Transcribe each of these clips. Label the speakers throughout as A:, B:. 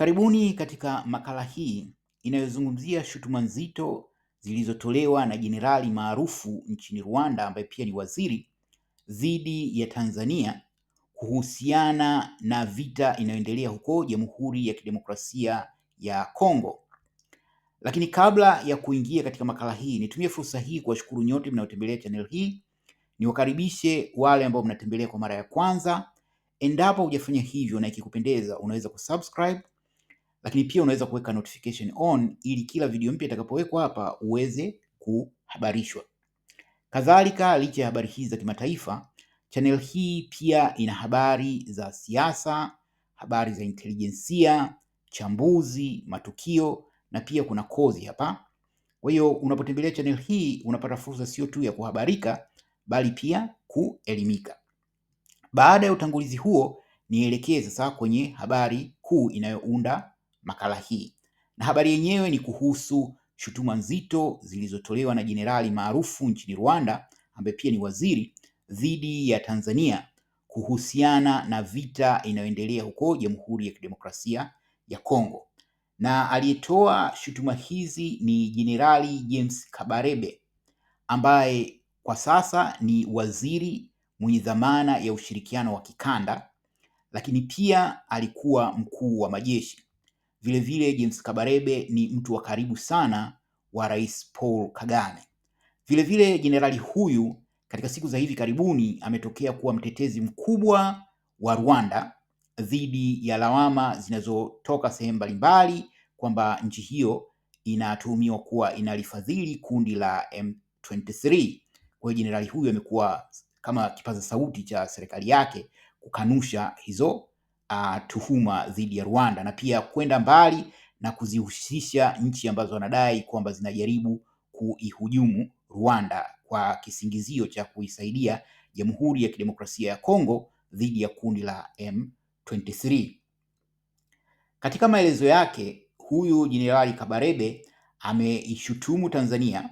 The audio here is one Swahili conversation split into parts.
A: Karibuni katika makala hii inayozungumzia shutuma nzito zilizotolewa na jenerali maarufu nchini Rwanda ambaye pia ni waziri dhidi ya Tanzania kuhusiana na vita inayoendelea huko Jamhuri ya Kidemokrasia ya Kongo. Lakini kabla ya kuingia katika makala hii, nitumie fursa hii kuwashukuru nyote mnaotembelea channel hii. Niwakaribishe wale ambao mnatembelea kwa mara ya kwanza. Endapo hujafanya hivyo na ikikupendeza, unaweza kusubscribe lakini pia unaweza kuweka notification on ili kila video mpya itakapowekwa hapa uweze kuhabarishwa. Kadhalika, licha ya habari hizi za kimataifa, channel hii pia ina habari za siasa, habari za intelijensia, chambuzi, matukio na pia kuna kozi hapa. Kwa hiyo unapotembelea channel hii unapata fursa sio tu ya kuhabarika bali pia kuelimika. Baada ya utangulizi huo, nielekee sasa kwenye habari kuu inayounda makala hii, na habari yenyewe ni kuhusu shutuma nzito zilizotolewa na jenerali maarufu nchini Rwanda ambaye pia ni waziri dhidi ya Tanzania kuhusiana na vita inayoendelea huko Jamhuri ya Kidemokrasia ya Kongo, na aliyetoa shutuma hizi ni Jenerali James Kabarebe ambaye kwa sasa ni waziri mwenye dhamana ya ushirikiano wa kikanda, lakini pia alikuwa mkuu wa majeshi. Vilevile James Kabarebe ni mtu wa karibu sana wa Rais Paul Kagame. Vilevile jenerali huyu katika siku za hivi karibuni ametokea kuwa mtetezi mkubwa wa Rwanda dhidi ya lawama zinazotoka sehemu mbalimbali kwamba nchi hiyo inatuhumiwa kuwa inalifadhili kundi la M23. Kwa hiyo jenerali huyu amekuwa kama kipaza sauti cha serikali yake kukanusha hizo uh, tuhuma dhidi ya Rwanda na pia kwenda mbali na kuzihusisha nchi ambazo wanadai kwamba zinajaribu kuihujumu Rwanda kwa kisingizio cha kuisaidia Jamhuri ya Kidemokrasia ya Kongo dhidi ya kundi la M23. Katika maelezo yake, huyu Jenerali Kabarebe ameishutumu Tanzania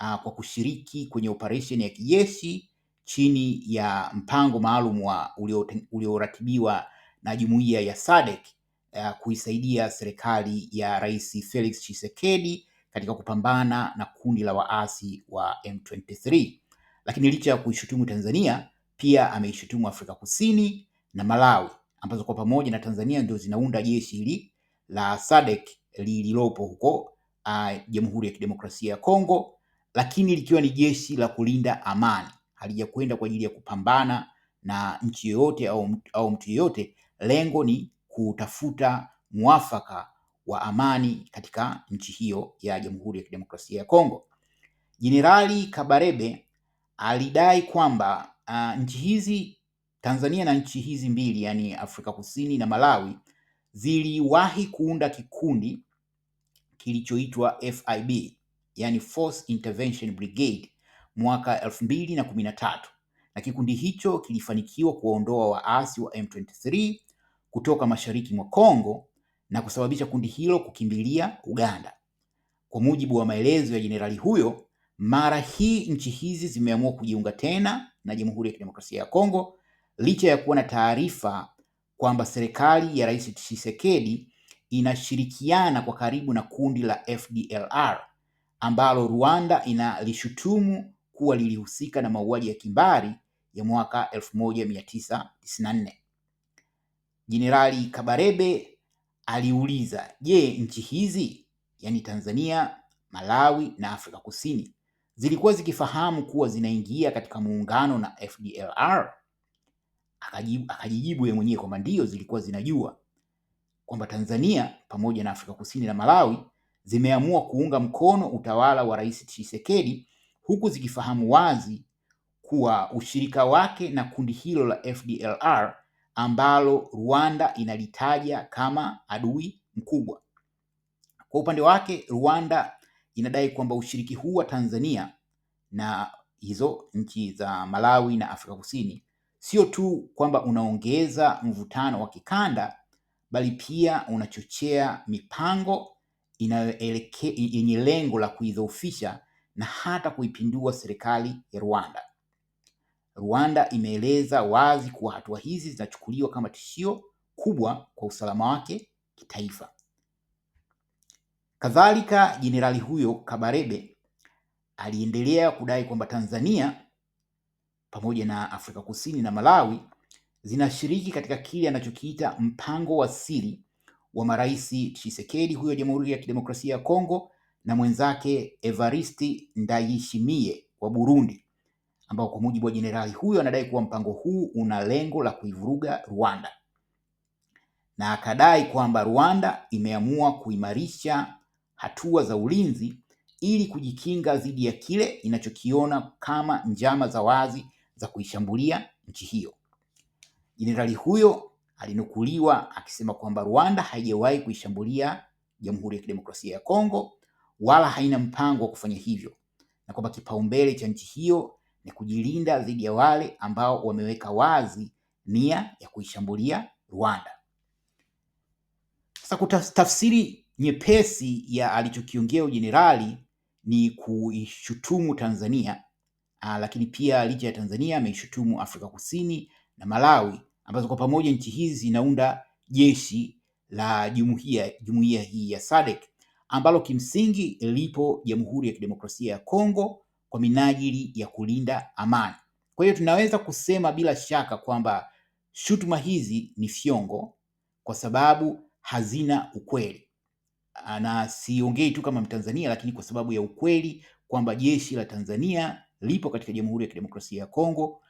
A: uh, kwa kushiriki kwenye operesheni ya kijeshi chini ya mpango maalum ulioratibiwa na jumuiya ya SADC uh, kuisaidia serikali ya Rais Felix Tshisekedi katika kupambana na kundi la waasi wa M23. Lakini licha ya kuishutumu Tanzania, pia ameishutumu Afrika Kusini na Malawi ambazo kwa pamoja na Tanzania ndio zinaunda jeshi hili la SADC lililopo huko uh, Jamhuri ya Kidemokrasia ya Kongo, lakini likiwa ni jeshi la kulinda amani, halijakwenda kwa ajili ya kupambana na nchi yoyote au, au mtu yeyote Lengo ni kutafuta mwafaka wa amani katika nchi hiyo ya Jamhuri ya Kidemokrasia ya Kongo. Jenerali Kabarebe alidai kwamba uh, nchi hizi Tanzania na nchi hizi mbili yaani Afrika Kusini na Malawi ziliwahi kuunda kikundi kilichoitwa FIB yani Force Intervention Brigade mwaka elfu mbili na kumi na tatu na kikundi hicho kilifanikiwa kuwaondoa waasi wa M23 kutoka mashariki mwa Kongo na kusababisha kundi hilo kukimbilia Uganda. Kwa mujibu wa maelezo ya jenerali huyo, mara hii nchi hizi zimeamua kujiunga tena na Jamhuri ya Kidemokrasia ya Kongo licha ya kuwa na taarifa kwamba serikali ya Rais Tshisekedi inashirikiana kwa karibu na kundi la FDLR ambalo Rwanda inalishutumu kuwa lilihusika na mauaji ya kimbari ya mwaka 1994. Jenerali Kabarebe aliuliza, je, nchi hizi yaani Tanzania, Malawi na Afrika Kusini zilikuwa zikifahamu kuwa zinaingia katika muungano na FDLR? Akajibu, akajijibu yeye mwenyewe kwamba ndiyo zilikuwa zinajua kwamba Tanzania pamoja na Afrika Kusini na Malawi zimeamua kuunga mkono utawala wa Rais Tshisekedi huku zikifahamu wazi kuwa ushirika wake na kundi hilo la FDLR ambalo Rwanda inalitaja kama adui mkubwa. Kwa upande wake, Rwanda inadai kwamba ushiriki huu wa Tanzania na hizo nchi za Malawi na Afrika Kusini sio tu kwamba unaongeza mvutano wa kikanda bali pia unachochea mipango inayoelekea yenye lengo la kuidhoofisha na hata kuipindua serikali ya Rwanda. Rwanda imeeleza wazi kuwa hatua hizi zinachukuliwa kama tishio kubwa kwa usalama wake kitaifa. Kadhalika, jenerali huyo Kabarebe aliendelea kudai kwamba Tanzania pamoja na Afrika Kusini na Malawi zinashiriki katika kile anachokiita mpango wa siri wa marais Tshisekedi huyo Jamhuri ya Kidemokrasia ya Kongo na mwenzake Evariste Ndayishimiye wa Burundi ambao kwa mujibu wa jenerali huyo anadai kuwa mpango huu una lengo la kuivuruga Rwanda na akadai kwamba Rwanda imeamua kuimarisha hatua za ulinzi ili kujikinga dhidi ya kile inachokiona kama njama za wazi za kuishambulia nchi hiyo. Jenerali huyo alinukuliwa akisema kwamba Rwanda haijawahi kuishambulia Jamhuri ya Kidemokrasia ya Kongo wala haina mpango wa kufanya hivyo na kwamba kipaumbele cha nchi hiyo ni kujilinda dhidi ya wale ambao wameweka wazi nia ya kuishambulia Rwanda. Sasa kutafsiri nyepesi ya alichokiongea ujenerali ni kuishutumu Tanzania a, ah, lakini pia licha ya Tanzania ameishutumu Afrika Kusini na Malawi ambazo kwa pamoja nchi hizi zinaunda jeshi la jumuiya jumuiya hii ya SADC ambalo kimsingi lipo Jamhuri ya, ya Kidemokrasia ya Kongo kwa minajili ya kulinda amani. Kwa hiyo tunaweza kusema bila shaka kwamba shutuma hizi ni fyongo kwa sababu hazina ukweli, ah, na siongei tu kama Mtanzania, lakini kwa sababu ya ukweli kwamba jeshi la Tanzania lipo katika Jamhuri ya Kidemokrasia ya Kongo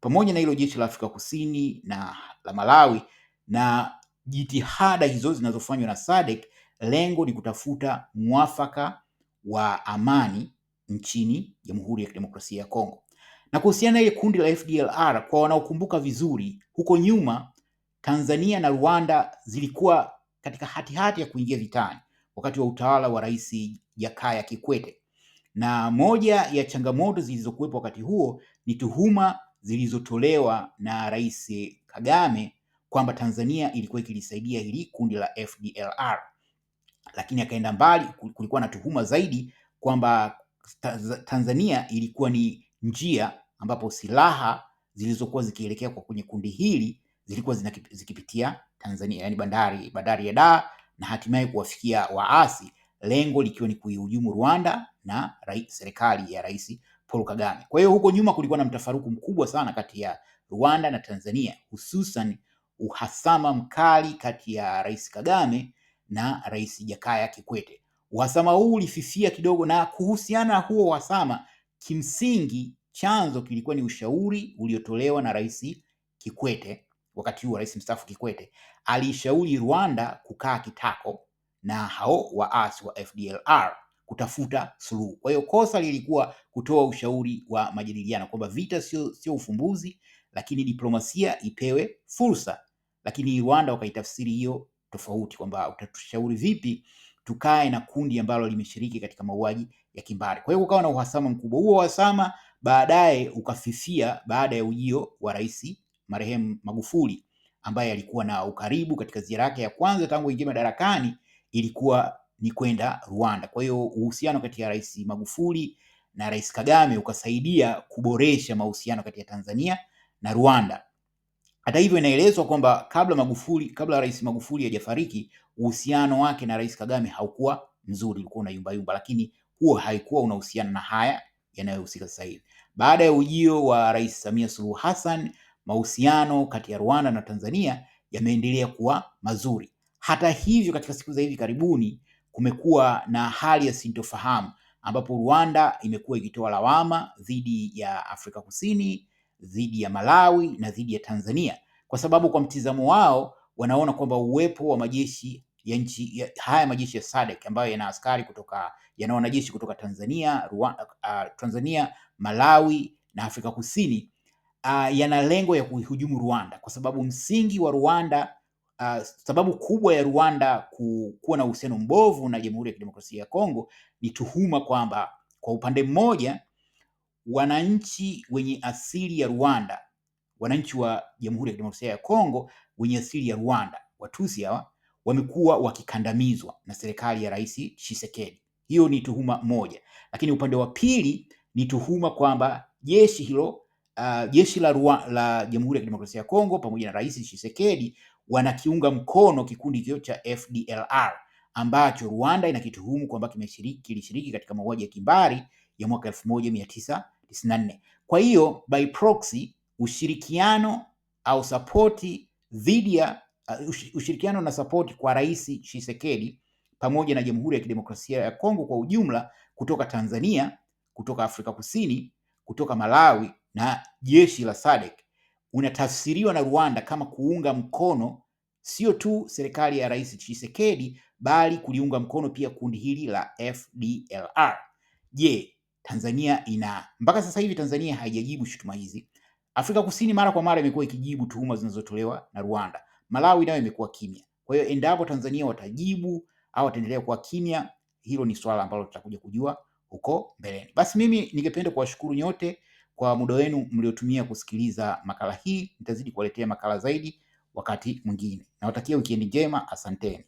A: pamoja na hilo jeshi la Afrika Kusini na la Malawi na jitihada hizo zinazofanywa na SADC, lengo ni kutafuta mwafaka wa amani nchini Jamhuri ya Kidemokrasia ya Kongo. Na kuhusiana na ile kundi la FDLR, kwa wanaokumbuka vizuri, huko nyuma Tanzania na Rwanda zilikuwa katika hatihati ya kuingia vitani wakati wa utawala wa Rais Jakaya Kikwete, na moja ya changamoto zilizokuwepo wakati huo ni tuhuma zilizotolewa na Rais Kagame kwamba Tanzania ilikuwa ikilisaidia hili kundi la FDLR, lakini akaenda mbali. Kulikuwa na tuhuma zaidi kwamba Tanzania ilikuwa ni njia ambapo silaha zilizokuwa zikielekea kwa kwenye kundi hili zilikuwa zikipitia Tanzania, yani bandari bandari ya Dar na hatimaye kuwafikia waasi, lengo likiwa ni kuihujumu Rwanda na serikali ya Rais Paul Kagame. Kwa hiyo huko nyuma kulikuwa na mtafaruku mkubwa sana kati ya Rwanda na Tanzania, hususan uhasama mkali kati ya Rais Kagame na Rais Jakaya Kikwete Wasama huu ulififia kidogo, na kuhusiana na huo wasama, kimsingi chanzo kilikuwa ni ushauri uliotolewa na Rais Kikwete wakati huo rais mstaafu Kikwete aliishauri Rwanda kukaa kitako na hao waasi wa FDLR kutafuta suluhu. Kwa hiyo kosa lilikuwa kutoa ushauri wa majadiliano kwamba vita sio sio ufumbuzi, lakini diplomasia ipewe fursa, lakini Rwanda wakaitafsiri hiyo tofauti kwamba utatushauri vipi tukae na kundi ambalo limeshiriki katika mauaji ya kimbari. Kwa hiyo kukawa na uhasama mkubwa. Huo uhasama baadaye ukafifia baada ya ujio wa rais marehemu Magufuli ambaye alikuwa na ukaribu katika ziara yake ya kwanza tangu ingie madarakani ilikuwa ni kwenda Rwanda. Kwa hiyo uhusiano kati ya Rais Magufuli na Rais Kagame ukasaidia kuboresha mahusiano kati ya Tanzania na Rwanda. Hata hivyo, inaelezwa kwamba kabla Magufuli, kabla Rais Magufuli hajafariki uhusiano wake na Rais Kagame haukuwa mzuri, ulikuwa yumba, lakini huo haikuwa unahusiana na haya yanayohusika sasa hivi. Baada ya ujio wa Rais Samia Suluhu Hassan, mahusiano kati ya Rwanda na Tanzania yameendelea kuwa mazuri. Hata hivyo, katika siku za hivi karibuni kumekuwa na hali ya sintofahamu ambapo Rwanda imekuwa ikitoa lawama dhidi ya Afrika Kusini dhidi ya Malawi na dhidi ya Tanzania, kwa sababu kwa mtizamo wao wanaona kwamba uwepo wa majeshi ya nchi ya, haya majeshi ya SADC ambayo yana askari kutoka yana wanajeshi kutoka Tanzania, Rwanda, uh, Tanzania, Malawi na Afrika Kusini uh, yana lengo ya kuhujumu Rwanda kwa sababu msingi wa Rwanda uh, sababu kubwa ya Rwanda kuwa na uhusiano mbovu na Jamhuri ya Kidemokrasia ya Kongo ni tuhuma kwamba kwa upande mmoja wananchi wenye asili ya Rwanda, wananchi wa Jamhuri ya Kidemokrasia ya Kongo wenye asili ya Rwanda, Watusi hawa wamekuwa wakikandamizwa na serikali ya Rais Tshisekedi. Hiyo ni tuhuma moja, lakini upande wa pili ni tuhuma kwamba jeshi hilo uh, jeshi la, la Jamhuri ya Kidemokrasia ya Kongo pamoja na Rais Tshisekedi wanakiunga mkono kikundi hicho cha FDLR ambacho Rwanda inakituhumu kwamba kimeshiriki kilishiriki katika mauaji ya kimbari ya mwaka 1994. Kwa hiyo by proxy, ushirikiano au sapoti dhidi ya uh, ushirikiano na sapoti kwa Rais Tshisekedi pamoja na Jamhuri ya Kidemokrasia ya Kongo kwa ujumla kutoka Tanzania, kutoka Afrika Kusini, kutoka Malawi na jeshi la SADC unatafsiriwa na Rwanda kama kuunga mkono sio tu serikali ya Rais Tshisekedi bali kuliunga mkono pia kundi hili la FDLR. Je, Tanzania ina mpaka sasa hivi Tanzania haijajibu shutuma hizi. Afrika Kusini mara kwa mara imekuwa ikijibu tuhuma zinazotolewa na Rwanda. Malawi nayo imekuwa kimya. Kwa hiyo endapo Tanzania watajibu au wataendelea kuwa kimya, hilo ni swala ambalo tutakuja kujua huko mbeleni. Basi mimi ningependa kuwashukuru nyote kwa muda wenu mliotumia kusikiliza makala hii. Nitazidi kuwaletea makala zaidi wakati mwingine. Nawatakia wikendi njema, asanteni.